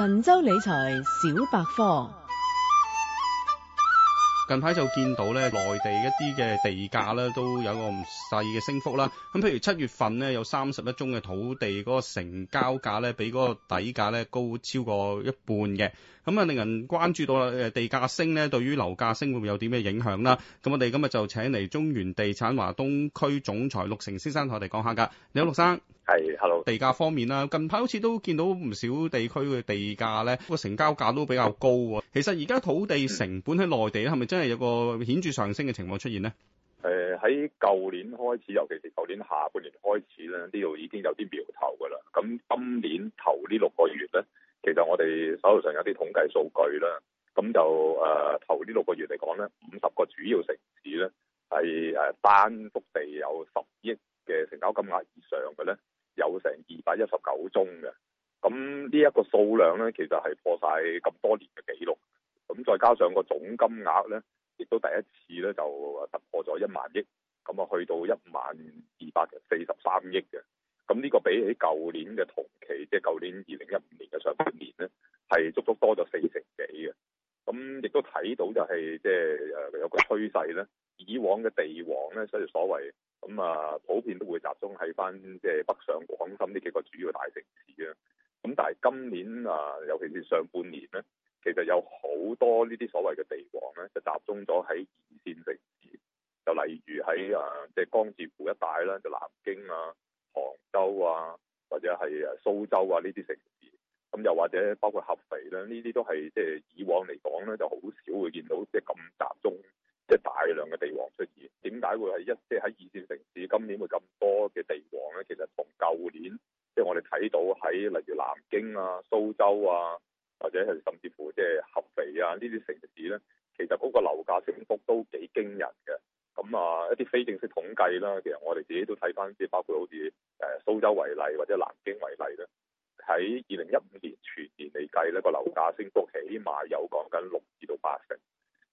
神州理財小百科，近排就見到咧，內地一啲嘅地價咧都有個唔細嘅升幅啦。咁譬如七月份咧，有三十一宗嘅土地嗰個成交價咧，比嗰個底價咧高超過一半嘅。咁啊，令人關注到啦，誒地價升咧，對於樓價升會唔會有啲咩影響啦？咁我哋今日就請嚟中原地產華東區總裁陸成先生同我哋講下噶。你好，陸生。係，hello。地價方面啦，近排好似都見到唔少地區嘅地價咧，個成交價都比較高喎。Hey. 其實而家土地成本喺內地咧，係咪、hmm. 真係有個顯著上升嘅情況出現咧？誒，喺舊年開始，尤其是舊年下半年開始咧，呢度已經有啲苗。上嘅咧，有成二百一十九宗嘅，咁呢一個數量咧，其實係破晒咁多年嘅記錄，咁再加上個總金額咧，亦都第一次咧就突破咗一萬億，咁啊去到一萬二百四十三億嘅，咁呢個比起舊年嘅同期，即係舊年二零一五年嘅上半年咧，係足足多咗四成幾嘅。咁亦、嗯、都睇到就係即係誒有個趨勢咧，以往嘅地王咧，所以所謂咁、嗯、啊，普遍都會集中喺翻即係北上廣深呢幾個主要大城市嘅。咁、嗯、但係今年啊、呃，尤其是上半年咧，其實有好多呢啲所謂嘅地王咧，就集中咗喺二線城市，就例如喺誒即係江浙滬一帶啦，就南京啊、杭州啊，或者係誒蘇州啊呢啲城市。咁又或者包括合肥啦，呢啲都係即係以往嚟講咧，就好少會見到即係咁集中，即係大量嘅地王出現。點解會係一即係喺二線城市今年會咁多嘅地王咧？其實從舊年，即係我哋睇到喺例如南京啊、蘇州啊，或者係甚至乎即係合肥啊呢啲城市咧，其實嗰個樓價升幅都幾驚人嘅。咁啊，一啲非正式統計啦，其實我哋自己都睇翻，即係包括好似誒蘇州為例，或者南京為例咧。喺二零一五年全年嚟計咧，個樓價升幅起碼有講緊六至到八成。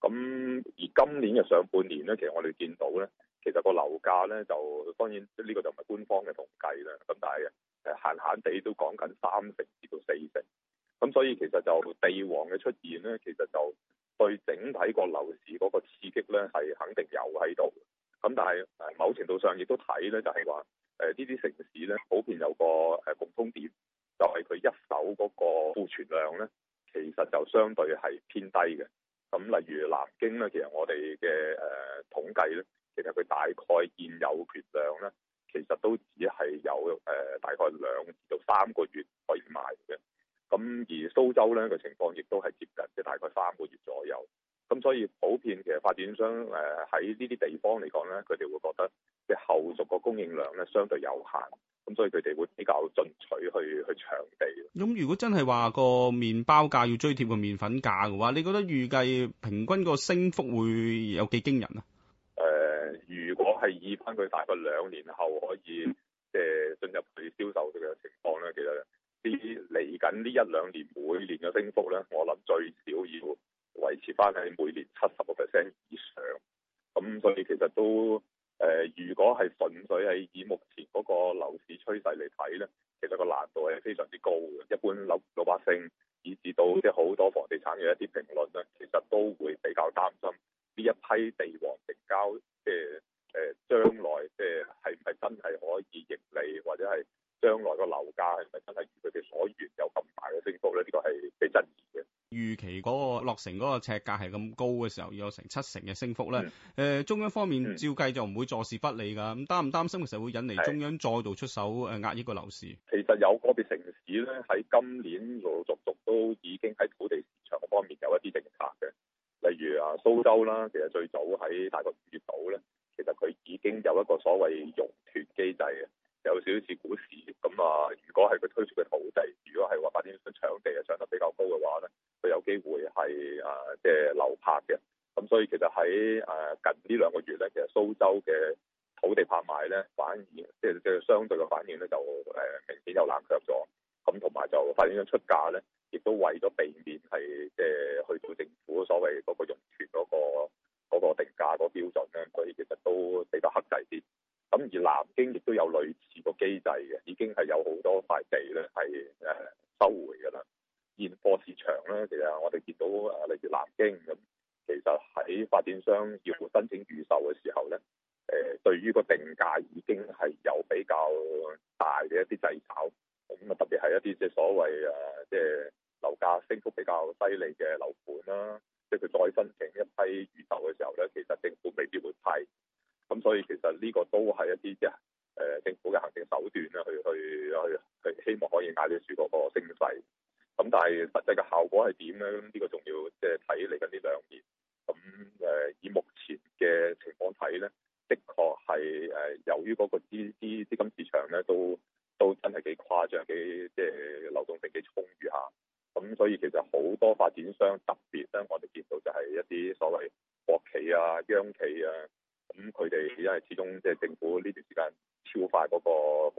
咁而今年嘅上半年咧，其實我哋見到咧，其實個樓價咧就當然呢個就唔係官方嘅統計啦。咁但係誒，閒閒地都講緊三成至到四成。咁所以其實就地王嘅出現咧，其實就對整體個樓市嗰個刺激咧係肯定有喺度。咁但係誒，某程度上亦都睇咧，就係話誒呢啲城市咧，普遍有個誒共通點。就係佢一手嗰個庫存量咧，其實就相對係偏低嘅。咁例如南京咧，其實我哋嘅誒統計咧，其實佢大概現有缺量咧，其實都只係有誒、呃、大概兩至到三個月可以賣嘅。咁而蘇州咧個情況亦都係接近，即係大概三個月左右。咁、嗯、所以普遍嘅實發展商誒喺呢啲地方嚟講咧，佢哋會覺得即後續個供應量咧相對有限，咁、嗯、所以佢哋會比較進取去去搶地。咁、嗯、如果真係話個麵包價要追貼個麵粉價嘅話，你覺得預計平均個升幅會有幾驚人啊？誒、呃，如果係以返佢大概兩年後可以即、呃、進入去銷售嘅情況咧，其實呢嚟緊呢一兩年每年嘅升幅咧，我諗最少，係每年七十個 percent 以上，咁所以其實都誒、呃，如果係純粹係以目前嗰個樓市趨勢嚟睇咧，其實個難度係非常之高嘅。一般樓老百姓以至到即係好多房地產嘅一啲評論咧，其實都會比較擔心呢一批地王成交期嗰個落成嗰個尺價係咁高嘅時候，要有成七成嘅升幅咧。誒、嗯呃，中央方面、嗯、照計就唔會坐視不理噶。咁擔唔擔心其實會引嚟中央再度出手誒的、呃、壓抑個樓市？其實有個別城市咧，喺今年陸陸續續都已經喺土地市場方面有一啲政策嘅，例如啊蘇州啦，其實最早喺大概二月度咧，其實佢已經有一個所謂熔斷機制嘅。有少少似股市咁啊，如果係佢推出嘅土地，如果係話發展商搶地啊，搶得比較高嘅話咧，佢有機會係啊，即係流拍嘅。咁、就是、所以其實喺誒、呃、近呢兩個月咧，其實蘇州嘅土地拍賣咧，反而即係嘅相對嘅反應咧，就誒、呃、明顯有冷卻咗。咁同埋就發展商出價咧，亦都為咗避免係即係去到政府所謂嗰個熔斷嗰、嗰個嗰、嗰個定價個標準咧，佢其實都比較克制啲。咁而南京亦都有類。機制嘅已經係有好多塊地咧係誒收回㗎啦，現貨市場咧其實我哋見到誒例如南京咁，其實喺發展商要申請預售嘅時候咧，誒、呃、對於個定價已經係有比較大嘅一啲掣肘，咁啊特別係一啲即係所謂誒即係樓價升幅比較犀利嘅樓盤啦，即係佢再申請一批預售嘅時候咧，其實政府未必會批，咁所以其實呢個都係一啲即係誒政府嘅。係點咧？樣呢、呢個仲要即係睇嚟緊呢兩年。咁、嗯、誒，以目前嘅情況睇咧，的確係誒，由於嗰個資資金市場咧都都真係幾誇張，幾即係流動性幾充裕下，咁所以其實好多發展商特別咧，我哋見到就係一啲所謂國企啊、央企啊，咁佢哋因為始終即係政府呢段時間超發嗰個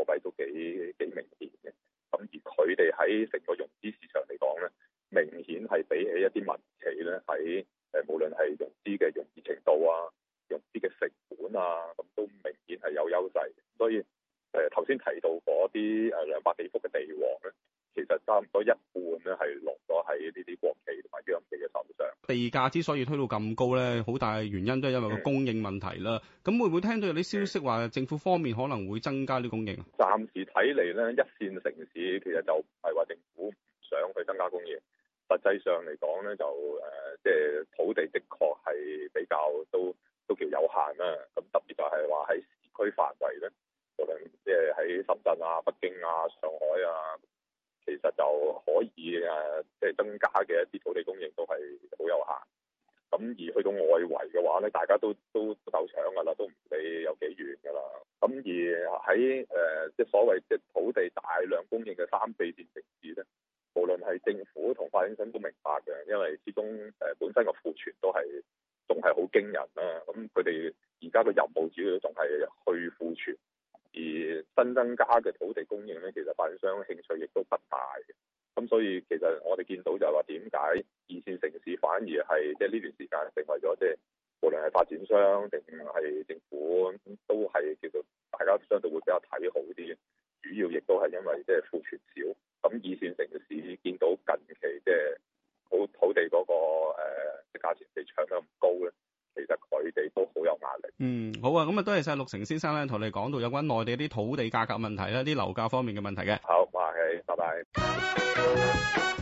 貨幣都幾幾明顯嘅。咁、嗯、而佢哋喺成個融資市場嚟講咧，明顯係比起一啲民企咧，喺誒、嗯、無論係融資嘅融資程度啊，融資嘅成本啊，咁都明顯係有優勢。所以誒頭先提到嗰啲誒兩百幾幅嘅地王咧，其實差唔多一半咧係落咗喺呢啲國企同埋央企嘅手上。地價之所以推到咁高咧，好大原因都係因為個供應問題啦。咁、嗯、會唔會聽到有啲消息話政府方面可能會增加啲供應啊？暫時睇嚟咧，一線城市其實就唔係話政府唔想去增加供應。實際上嚟講咧，就誒即係土地的確係比較都都叫有限啦。咁特別就係話喺市區範圍咧，無論即係喺深圳啊、北京啊、上海啊，其實就可以誒即係增加嘅一啲土地供應都係好有限。咁而去到外圍嘅話咧，大家都都鬥搶㗎啦，都唔理有幾遠㗎啦。咁而喺誒、呃、即係所謂即係土地大量供應嘅三四線城市咧。無論係政府同發展商都明白嘅，因為始終誒本身個庫存都係仲係好驚人啦、啊。咁佢哋而家個任務主要都仲係去庫存，而新增加嘅土地供應咧，其實發展商興趣亦都不大嘅。咁所以其實我哋見到就係話點解二線城市反而係即係呢段時間成為咗即係，就係、無論係發展商定係政府都係叫做大家相對會比較睇好啲。主要亦都係因為即係庫存少，咁二線城市見到近期即係好土地嗰、嗰個誒、呃、價錢被搶得咁高咧，其實佢哋都好有壓力。嗯，好啊，咁、嗯、啊，多謝晒陸成先生咧，同你哋講到有關內地啲土地價格問題咧，啲樓價方面嘅問題嘅。好，唔該晒，拜拜。